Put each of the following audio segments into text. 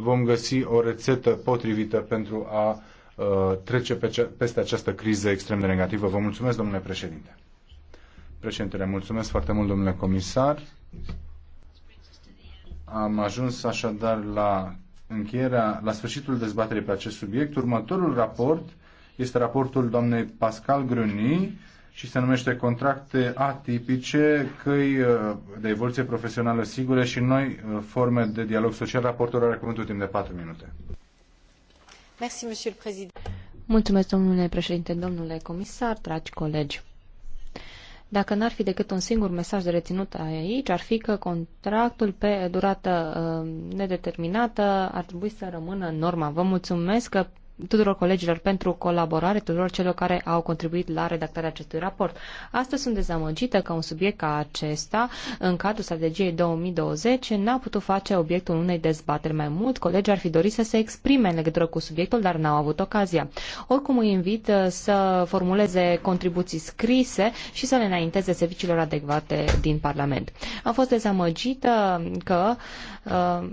vom găsi o rețetă potrivită pentru a uh, trece pe ce, peste această criză extrem de negativă. Vă mulțumesc, domnule președinte. Președintele, mulțumesc foarte mult, domnule comisar. Am ajuns așadar la încheierea, la sfârșitul dezbaterii pe acest subiect. Următorul raport este raportul doamnei Pascal Gruny, și se numește contracte atipice, căi uh, de evoluție profesională sigure și noi uh, forme de dialog social. Raportul are cuvântul timp de 4 minute. Merci, monsieur le président. Mulțumesc, domnule președinte, domnule comisar, dragi colegi. Dacă n-ar fi decât un singur mesaj de reținut aici, ar fi că contractul pe durată uh, nedeterminată ar trebui să rămână în norma. Vă mulțumesc că tuturor colegilor pentru colaborare, tuturor celor care au contribuit la redactarea acestui raport. Astăzi sunt dezamăgită că un subiect ca acesta, în cadrul strategiei 2020, n-a putut face obiectul unei dezbateri mai mult. Colegii ar fi dorit să se exprime în legătură cu subiectul, dar n-au avut ocazia. Oricum îi invit uh, să formuleze contribuții scrise și să le înainteze serviciilor adecvate din Parlament. Am fost dezamăgită că uh,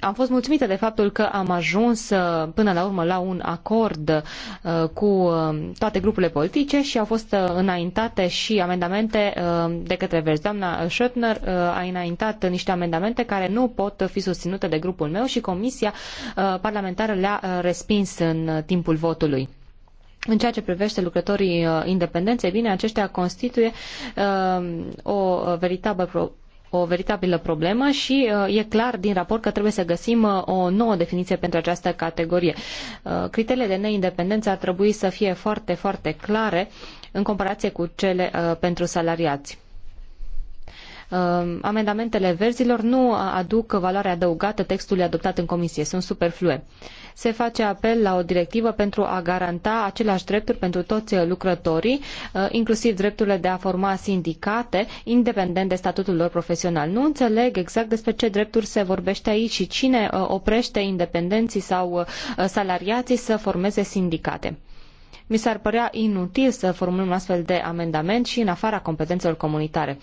am fost mulțumită de faptul că am ajuns uh, până la urmă la un acord uh, cu uh, toate grupurile politice și au fost înaintate și amendamente de către verzi. Doamna Schöpner a înaintat niște amendamente care nu pot fi susținute de grupul meu și Comisia Parlamentară le-a respins în timpul votului. În ceea ce privește lucrătorii independenței, bine, aceștia constituie o veritabilă o veritabilă problemă și uh, e clar din raport că trebuie să găsim uh, o nouă definiție pentru această categorie. Uh, criteriile de neindependență ar trebui să fie foarte, foarte clare în comparație cu cele pentru salariați amendamentele verzilor nu aduc valoare adăugată textului adoptat în comisie, sunt superflue se face apel la o directivă pentru a garanta aceleași drepturi pentru toți lucrătorii, uh, inclusiv drepturile de a forma sindicate, independent de statutul lor profesional. Nu înțeleg exact despre ce drepturi se vorbește aici și cine uh, oprește independenții sau uh, salariații să formeze sindicate. Mi s-ar părea inutil să formulăm un astfel de amendament și în afara competențelor comunitare.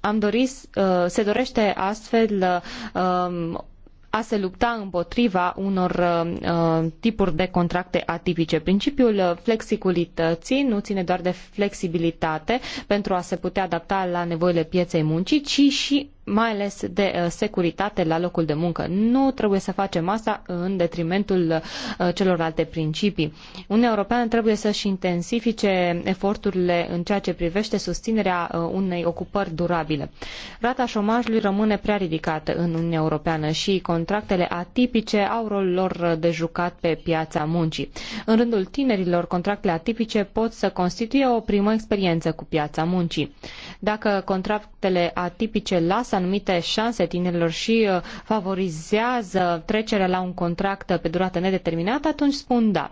Am se dorește astfel a se lupta împotriva unor uh, uh, tipuri de contracte atipice. Principiul flexibilității nu ține doar de flexibilitate pentru a se putea adapta la nevoile pieței muncii, ci și mai ales de uh, securitate la locul de muncă. Nu trebuie să facem asta în detrimentul uh, celorlalte principii. Uniunea Europeană trebuie să-și intensifice eforturile în ceea ce privește susținerea uh, unei ocupări durabile. Rata șomajului rămâne prea ridicată în Uniunea Europeană și contractele atipice au rolul lor de jucat pe piața muncii. În rândul tinerilor, contractele atipice pot să constituie o primă experiență cu piața muncii. Dacă contractele atipice lasă anumite șanse tinerilor și uh, favorizează trecerea la un contract pe durată nedeterminată, atunci spun da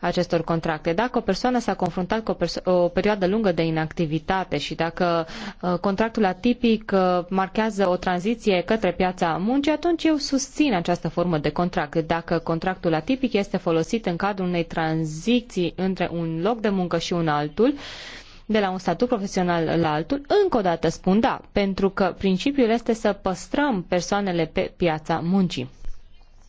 acestor contracte. Dacă o persoană s-a confruntat cu o, o, perioadă lungă de inactivitate și dacă uh, contractul atipic uh, marchează o tranziție către piața muncii, atunci eu susțin această formă de contract. Dacă contractul atipic este folosit în cadrul unei tranziții între un loc de muncă și un altul, uh, de la un statut profesional la altul, încă o dată spun da, pentru că principiul este să păstrăm persoanele pe piața muncii.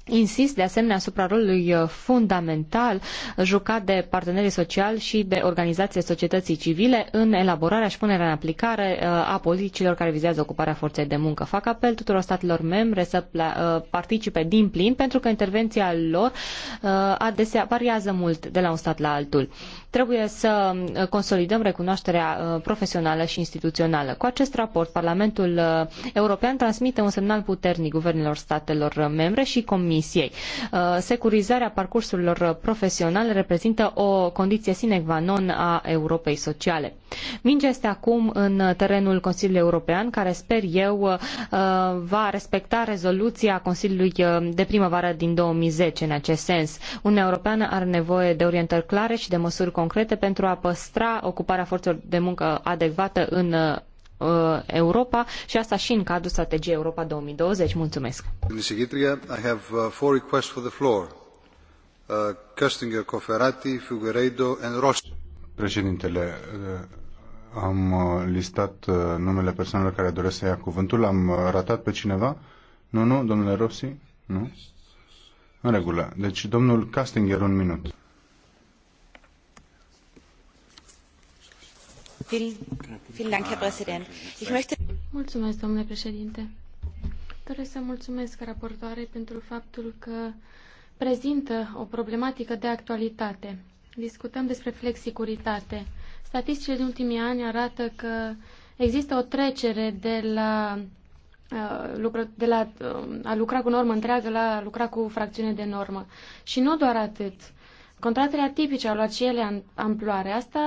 Insist de asemenea asupra rolului uh, fundamental jucat de partenerii sociali și de organizațiile societății civile în elaborarea și punerea în aplicare uh, a politicilor care vizează ocuparea forței de muncă. Fac apel tuturor statelor membre să uh, participe din plin pentru că intervenția lor adesea variază mult de la un stat la altul. Trebuie să uh, consolidăm recunoașterea uh, profesională și instituțională. Cu acest raport, Parlamentul uh, European transmite un semnal puternic guvernelor statelor membre și Comisiei. Securizarea parcursurilor profesionale reprezintă o condiție sine qua non a Europei sociale. Mingea este acum în terenul Consiliului European, care sper eu va respecta rezoluția Consiliului de primăvară din 2010 în acest sens. Uniunea Europeană are nevoie de orientări clare și de măsuri concrete pentru a păstra ocuparea forțelor de muncă adecvată în uh, Europa și asta și în cadrul strategiei Europa 2020. Mulțumesc. I have uh, four requests for the floor. Uh, Coferati, Figueiredo and Președintele, am listat numele persoanelor care doresc să ia cuvântul. Am ratat pe cineva? Nu, nu, domnule Rossi? Nu? În regulă. Deci, domnul Castinger, un minut. Mulțumesc, domnule președinte. Doresc să mulțumesc raportoarei pentru faptul că prezintă o problematică de actualitate. Discutăm despre flexicuritate. Statisticile din ultimii ani arată că există o trecere de la, uh, de la uh, a lucra cu normă întreagă la a lucra cu fracțiune de normă. Și nu doar atât. Contractele atipice au luat și ele amploare. Asta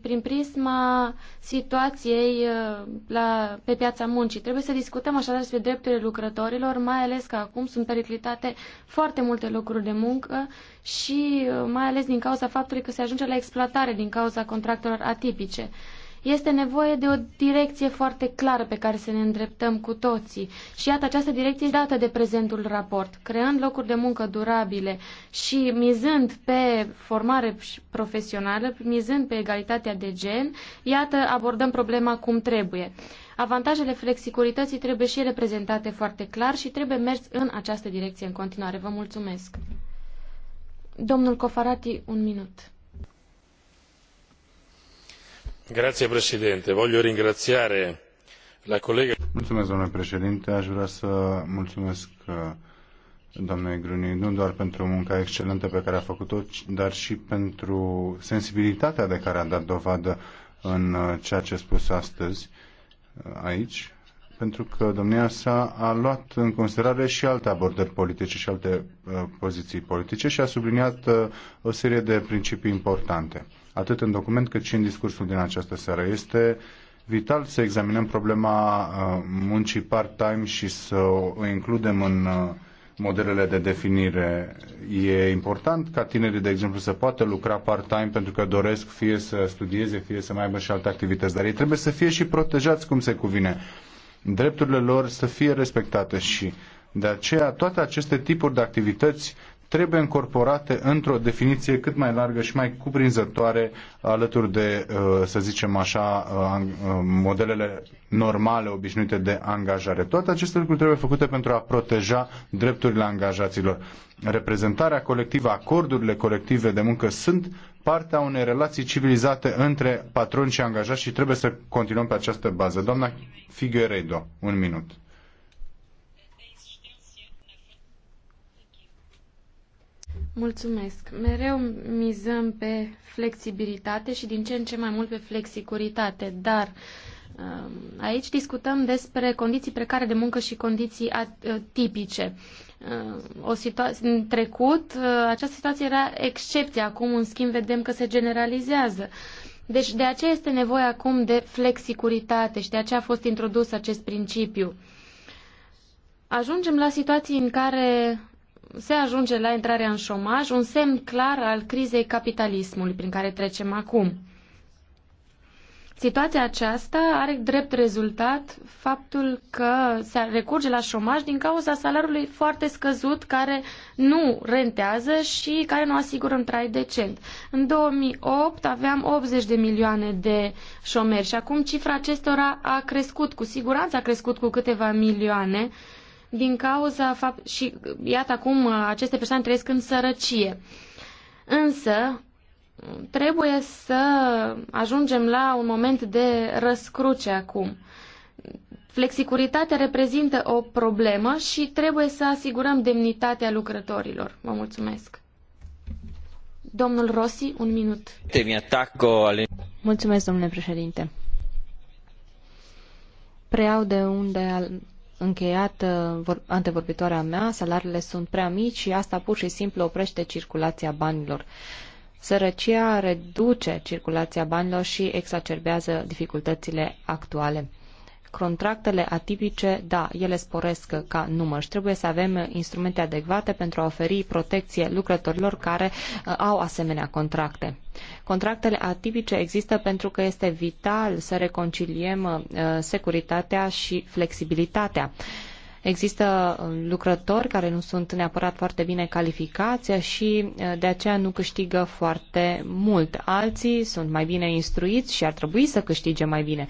prin prisma situației uh, la, pe piața muncii. Trebuie să discutăm așadar despre drepturile lucrătorilor, mai ales că acum sunt periclitate foarte multe locuri de muncă și uh, mai ales din cauza faptului că se ajunge la exploatare din cauza contractelor atipice. Uh, este nevoie de o direcție foarte clară pe care să ne îndreptăm cu toții. Și iată, această direcție este dată de prezentul raport, creând locuri de muncă durabile și mizând pe formare profesională, mizând pe egalitatea de gen, iată, abordăm problema cum trebuie. Avantajele flexicurității trebuie și ele prezentate foarte clar și trebuie mers în această direcție în continuare. Vă mulțumesc. Domnul Cofarati, un minut. Mulțumesc, domnule președinte. Aș vrea să mulțumesc uh, doamnei Gruni, nu doar pentru munca excelentă pe care a făcut-o, dar și pentru sensibilitatea de care a dat dovadă în uh, ceea ce a spus astăzi uh, aici, pentru că domnia sa a luat în considerare și alte abordări politice și alte uh, poziții politice și a subliniat uh, o serie de principii importante atât în document cât și în discursul din această seară. Este vital să examinăm problema uh, muncii part-time și să o includem în uh, modelele de definire. E important ca tinerii, de exemplu, să poată lucra part-time pentru că doresc fie să studieze, fie să mai aibă și alte activități, dar ei trebuie să fie și protejați cum se cuvine. Drepturile lor să fie respectate și de aceea toate aceste tipuri de activități trebuie încorporate într-o definiție cât mai largă și mai cuprinzătoare alături de, uh, să zicem așa, uh, uh, modelele normale, obișnuite de angajare. Toate aceste lucruri trebuie făcute pentru a proteja drepturile angajaților. Reprezentarea colectivă, acordurile colective de muncă sunt partea unei relații civilizate între patroni și angajați și trebuie să continuăm pe această bază. Doamna Figueredo, un minut. Mulțumesc. Mereu mizăm pe flexibilitate și din ce în ce mai mult pe flexicuritate, dar um, aici discutăm despre condiții precare de muncă și condiții atipice. Uh, uh, o situație, în trecut, uh, această situație era excepție, acum în schimb vedem că se generalizează. Deci de aceea este nevoie acum de flexicuritate și de aceea a fost introdus acest principiu. Ajungem la situații în care se ajunge la intrarea în șomaj, un semn clar al crizei capitalismului prin care trecem acum. Situația aceasta are drept rezultat faptul că se recurge la șomaj din cauza salariului foarte scăzut care nu rentează și care nu asigură un trai decent. În 2008 aveam 80 de milioane de șomeri și acum cifra acestora a crescut, cu siguranță a crescut cu câteva milioane uh, din cauza fapt și iată acum uh, aceste persoane trăiesc în sărăcie. Însă trebuie să ajungem la un moment de răscruce acum. Flexicuritatea reprezintă o problemă și trebuie să asigurăm demnitatea lucrătorilor. Vă mulțumesc. Domnul Rossi, un minut. Te mi-am Mulțumesc, domnule președinte. Preiau de unde încheiat uh, antevorbitoarea mea, salariile sunt prea mici și asta pur și simplu oprește circulația banilor. Sărăcia reduce circulația banilor și exacerbează dificultățile actuale. Contractele atipice, da, ele sporesc ca număr trebuie să avem instrumente adecvate pentru a oferi protecție lucrătorilor care uh, au asemenea contracte. Contractele atipice există pentru că este vital să reconciliem uh, securitatea și flexibilitatea. Există uh, lucrători care nu sunt neapărat foarte bine calificați și uh, de aceea nu câștigă foarte mult. Alții sunt mai bine instruiți și ar trebui să câștige mai bine.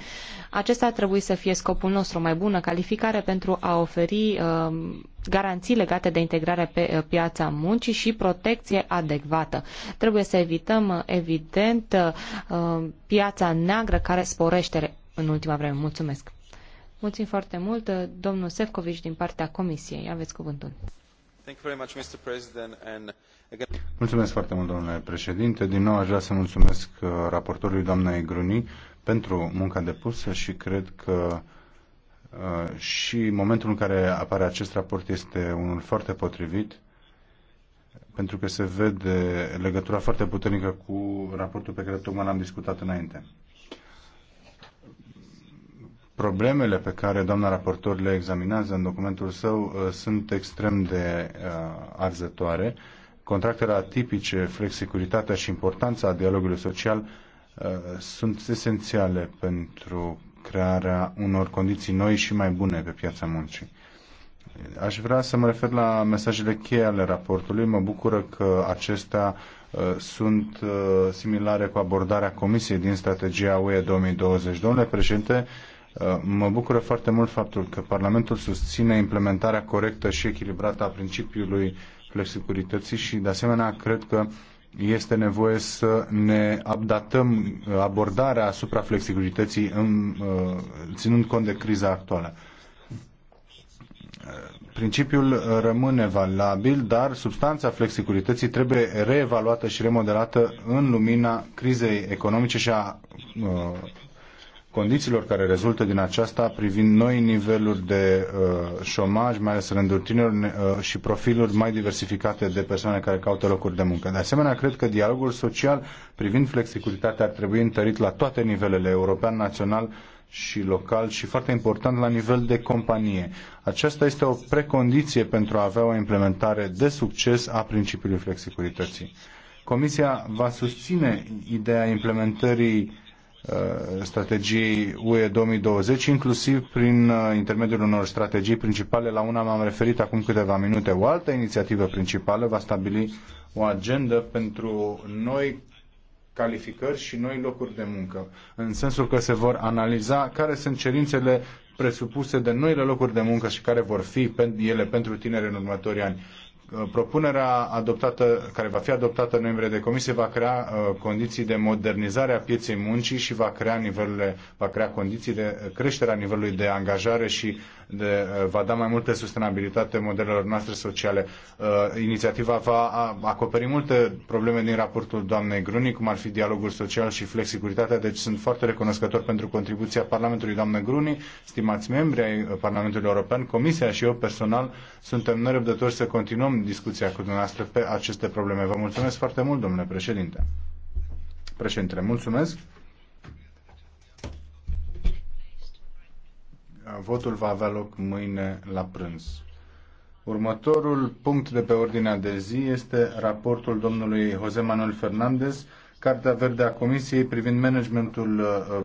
Acesta ar trebui să fie scopul nostru, mai bună calificare pentru a oferi uh, garanții legate de integrare pe piața muncii și protecție adecvată. Trebuie să evităm, evident, piața neagră care sporește în ultima vreme. Mulțumesc! Mulțumim foarte mult, domnul Sefcovici, din partea Comisiei. Aveți cuvântul. Mulțumesc foarte mult, domnule președinte. Din nou aș vrea să mulțumesc uh, raportorului doamnei Gruni pentru munca depusă și cred că uh, și momentul în care apare acest raport este unul foarte potrivit pentru că se vede legătura foarte puternică cu raportul pe care tocmai l-am discutat înainte. Problemele pe care doamna raportor le examinează în documentul său uh, sunt extrem de uh, arzătoare. Contractele atipice, flexicuritatea și importanța dialogului social uh, sunt esențiale pentru crearea unor condiții noi și mai bune pe piața muncii. Aș vrea să mă refer la mesajele cheie ale raportului. Mă bucură că acestea sunt similare cu abordarea Comisiei din strategia UE 2020. Domnule președinte, Uh, mă bucură foarte mult faptul că Parlamentul susține implementarea corectă și echilibrată a principiului flexicurității și, de asemenea, cred că este nevoie să ne updatăm uh, abordarea asupra flexibilității în, uh, ținând cont de criza actuală. Principiul rămâne valabil, dar substanța flexibilității trebuie reevaluată și remodelată în lumina crizei economice și a condițiilor care rezultă din aceasta privind noi niveluri de uh, șomaj, mai ales rândul tinerilor uh, și profiluri mai diversificate de persoane care caută locuri de muncă. De asemenea, cred că dialogul social privind flexicuritatea ar trebui întărit la toate nivelele, european, național și local și foarte important la nivel de companie. Aceasta este o precondiție pentru a avea o implementare de succes a principiului flexicurității. Comisia va susține ideea implementării Uh, strategiei UE 2020, inclusiv prin uh, intermediul unor strategii principale. La una m-am referit acum câteva minute. O altă inițiativă principală va stabili o agendă pentru noi calificări și noi locuri de muncă, în sensul că se vor analiza care sunt cerințele presupuse de noile locuri de muncă și care vor fi ele pentru tineri în următorii ani propunerea adoptată, care va fi adoptată în noiembrie de comisie va crea uh, condiții de modernizare a pieței muncii și va crea, nivelurile, va crea condiții de creșterea nivelului de angajare și de, uh, va da mai multă sustenabilitate modelelor noastre sociale. Uh, inițiativa va acoperi multe probleme din raportul doamnei Gruni, cum ar fi dialogul social și flexicuritatea, deci sunt foarte recunoscător pentru contribuția Parlamentului doamnă Gruni, stimați membri ai Parlamentului European, Comisia și eu personal suntem nerăbdători să continuăm discuția cu dumneavoastră pe aceste probleme. Vă mulțumesc foarte mult, domnule președinte. Președinte, mulțumesc. Votul va avea loc mâine la prânz. Următorul punct de pe ordinea de zi este raportul domnului Jose Manuel Fernandez, Cartea Verde a Comisiei privind managementul uh,